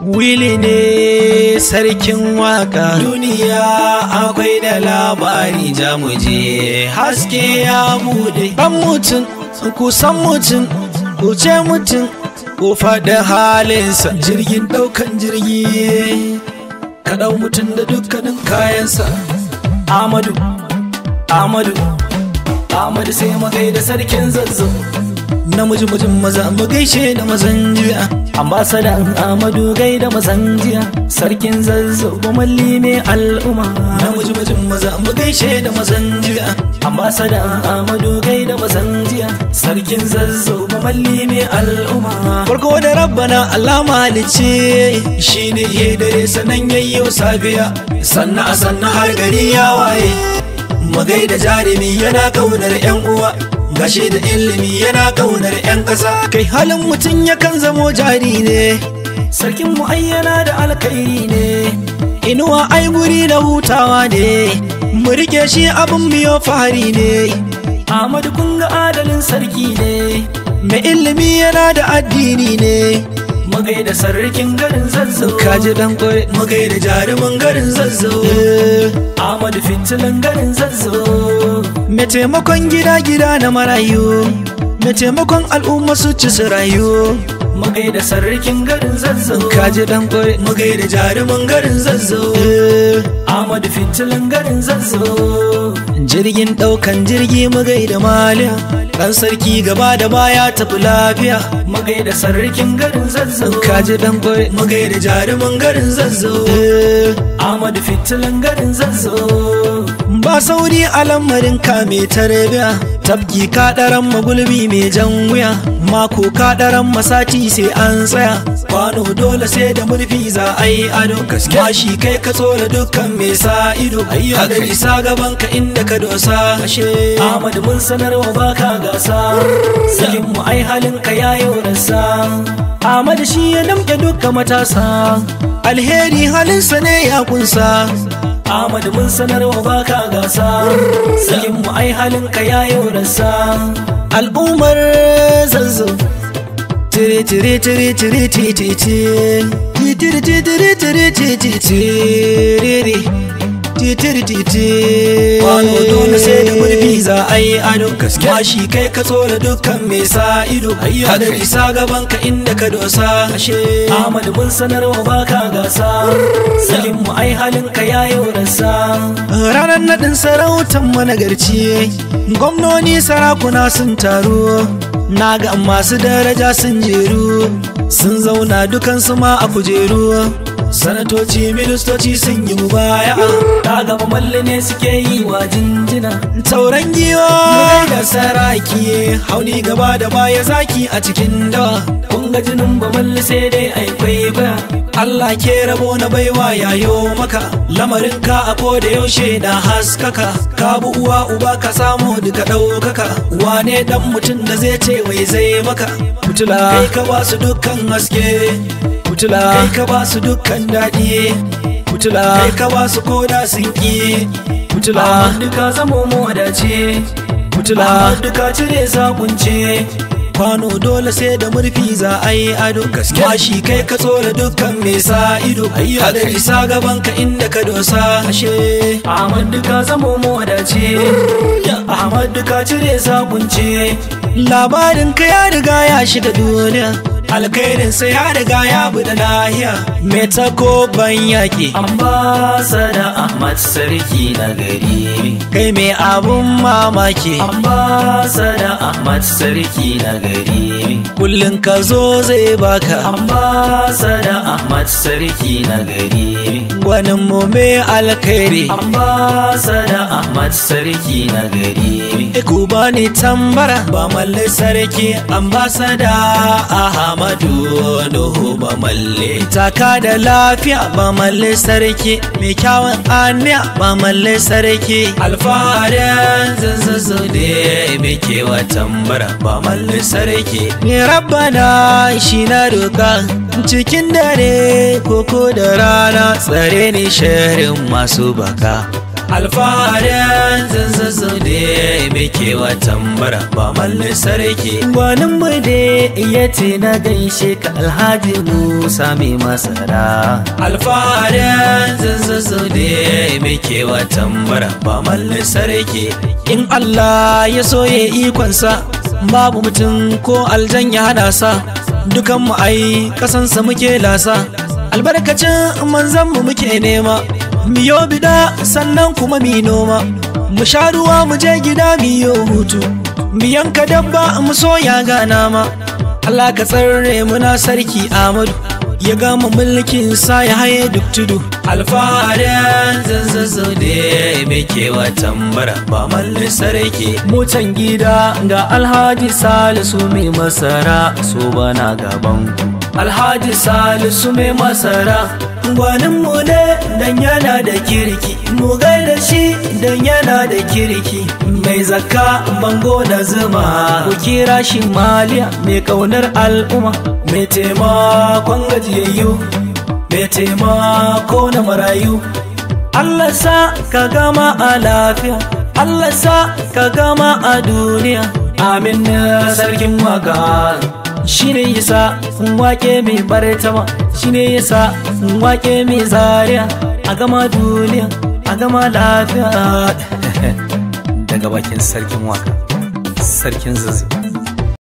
Wili ne sarkin waka duniya akwai da labari jamuje haske ya bude ɗan mutum kusan mutum kuce mutum ko faɗin halinsa jirgin ɗaukan jirgi kaɗau mutum da dukkanin kayansa amadu amadu amadu sai magai da sarkin zazzau namiji mijin maza mu gaishe da mazanjiya jiya amadu gai da mazan jiya sarkin zazzabu malli ne al'umma namiji mijin maza mu gaishe da mazanjiya jiya amadu gai da mazan jiya sarkin zazzabu malli ne al'umma farko da rabbana allah malice shine ya dare sanan yayyo safiya sannan a sannan har gari ya waye mu gaida jarumi yana kaunar yan uwa gashi da ilimi yana ƙaunar 'yan ƙasa kai halin mutum yakan zamo jari ne sarkin mu ayyana da alkairi ne inuwa ai guri da hutawa ne mu rike shi abin biyo fari ne Amadu kun ga adalin sarki ne mai ilimi yana da addini ne mu da sarkin garin zazzau kaji dan kware mu da jarumin garin zazzau eh. Amadu fintilan garin zazzau mai taimakon gida gida na marayu mai taimakon al'umma su ci su rayu mu gaida sarkin garin zazzau kaji dan kwari mu gaida jarumin garin zazzau eh, Amadu fitilan garin zazzau jirgin daukan jirgi mu gaida malin dan sarki gaba da baya tafi lafiya mu gaida sarkin garin zazzau kaji dan kwari mu gaida jarumin garin zazzau eh, Amadu fitilan garin zazzau ba sauri a lamarin kame tarbiya tabki kaɗaran magulbi mai jan wuya mako kaɗaran masati sai an tsaya kwano dole sai da murfi za a yi ado mashi kai ka tsora dukkan mai sa ido gari sa gaban ka inda ka dosa Ahmad mun sanarwa baka gasa sakin mu ai halin ka ya yi rasa Ahmad shi ya namke dukkan matasa alheri halinsa ne ya kunsa Ahmad mun sanarwa baka gasa sakin mu ai halin ka ya yayi rasa al'ummar zanzu tiri tiri tiri tiri tiri tiri tiri tiri tiri tiri tiri tiri karfi za a yi ado gaskiya shi kai ka tsora dukkan mai sa ido da bisa gaban ka inda ka dosa ashe amadu mun sanarwa baka gasa salim mu ai halin ka yayi rasa ranar nadin sarautan managarci gwamnoni sarakuna sun taro na ga masu daraja sun jeru sun zauna dukansu ma a kujeru sanatoci ministoci sun yi mubaya ta gama malle ne suke yi wa jinjina sauran giwa da saraki hauni gaba da baya zaki a cikin dawa kun ga jinin ba malle sai dai kwai ba Allah ke rabo na baiwa yayo maka lamarin ka a da yaushe na haskaka ka bu uwa uba ka samu duka ɗaukaka wane dan mutum da zai ce wai zai maka mutula kai ka ba dukkan haske Kutula! kai ka ba su dukkan daɗi fitila kai ka ba su koda sun ƙi fitila duka zamo mu wadace fitila duka cire sakunce kwano dole sai da murfi za a yi ado gaskiya shi kai ka tsora dukkan mai sa ido da risa gaban ka inda ka dosa ashe ahmad duka zamo mu wadace ahmad duka cire sakunce labarin ka ya riga ya shiga duniya alkhairin sai ya riga ya buɗe lahiya me ta ko ban yaƙi ambasada ahmad sarki na gari kai me abun mamaki ambasada ahmad sarki na gari kullum ka zo zai baka ambasada ahmad sarki na gari Wani mu me alkhairi ambasada ahmad sarki na gari ba bani tambara ba mallai sarki ambasada ahmad Muhammadu Nuhu ba malle taka da lafiya ba malle sarki mai kyawun aniya ba sarki alfaharin zanzanzu ne mai kewa tambara ba malle sarki ni rabbana shi na doka. cikin dare koko da rana tsare ni sharin masu baka alfaharin zanzan ne muke watan bara ba mallin sarki gwanin bude iya ce na gaishe ka alhaji musa mai masara alfaharin zanzan ne muke watan bara ba mallin sarki in allah ya soye ikonsa babu mutum ko aljan ya hada sa dukan mu ai kasansa muke lasa albarkacin manzanmu muke nema miyo bida sannan kuma mi noma mu sha ruwa mu je gida miyo hutu mu yanka dabba mu soya ga nama Allah ka tsare na sarki ahmadu ya gama mulkin sa ya haye duk tudu alfaharin zanzazo da mai wa tambara ba mallin sarki mutan gida ga alhaji salisu mai masara so bana gaban alhaji salisu mai masara gwaninmu ne don yana da kirki mu gaida shi don yana da kirki mai zakka bango da zuma ku kira shi maliya mai kaunar al'umma mai taimakon gajiyayyu mai taimako na marayu Allah sa ka gama a lafiya Allah sa ka gama a duniya amin na sarkin waka sa kun wake mai bartama shi ne yasa in wake mai zariya a gama duniya a gama lafiya daga bakin sarkin waka sarkin zazzau